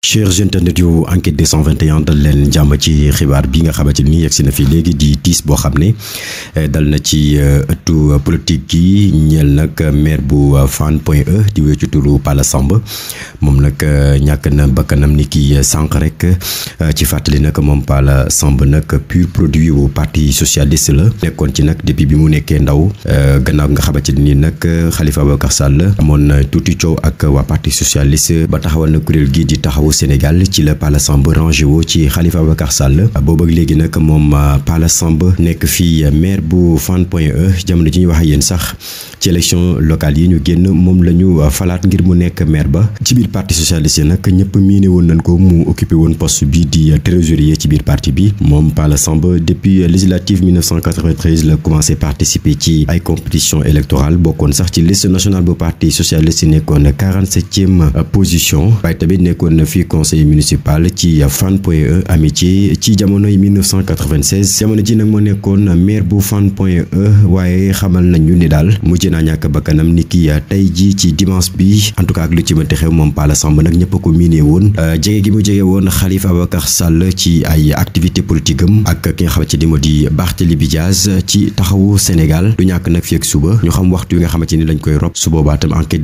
chers internet yu enquête 221 dal leen jàmm ci xibaar bi nga xamante ni yegg si na fi léegi di tiis boo xam ne eh, dal na ci eh, ëttu politique gi ñeel nag maire bu Fann Point E di wéy ci turu Palla Samb moom nag eh, ñàkk na bakkanam ni ki sànq rek ci fàttali nag moom Palla Samb nag pur produit bu parti socialiste la nekkoon ci nag depuis bi mu nekkee ndaw gannaaw nga xamante ni nag Khalifa Ababacar Sall amoon na tuuti coow ak waa parti socialiste ba taxawal na kuréel gi di taxaw au Sénégal ci la Pala Samb rangé woo ci Khalifa Ababacar Sall boobu ak léegi nag moom euh, Pala Samb nekk fii euh, maire bu Fann Point E jamono ji ñu wax ak yéen sax ci élection locale yi ñu génn moom la ñu euh, falaat ngir mu nekk maire ba ci biir parti socialiste nag ñëpp miine woon nañ ko mu occupé woon poste bi di trésorier ci biir parti bi moom Pala Samb depuis législative 1993 la commencé participer ci ay compétition électorale bokkoon sax ci liste national bu parti socialiste nekkoon 47e position waaye tamit nekkoon fi fii conseil municipal ci Fann Point E Amitié ci jamonoy 1996 jamono ji nag moo nekkoon maire bu Fann Point E waaye xamal nañu ni daal mujj naa ñàkk bakkanam ni ki tey ji ci dimanche bi en tout ak lu ci mënti xew moom Pala Samb nag ñëpp a ko miinee woon euh, jege gi mu jege woon Khalifa Ababacar Sall ci ay activité politique ak ki nga xamante ni moo di Barthélémy Diaz ci taxawu Sénégal du ñàkk nag fii ak suba ñu xam waxtu yi nga xamante ni dañ koy rob su boobaa tam enquête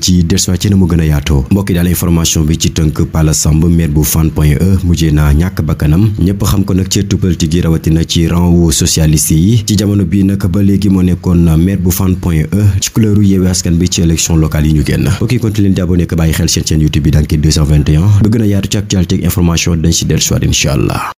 ci dellusiwaat a yaatoo ci tënk Pala Samb maire bu Fann Point E mujjee na ñàkk bakkanam ñëpp xam ko nag ci tuppalti gi rawatina ci rang wu yi ci jamono bii nag ba léegi moo nekkoon maire bu Fann Point E ci couleuru Yewwi Askan Wi ci élection locale yi ñu génn bokki konti leen di abonné ko bàyyi xel seen chaîne YouTube bi Enquête bëgg na yaatu ci actualité ak information dañ si dellu si waat incha allah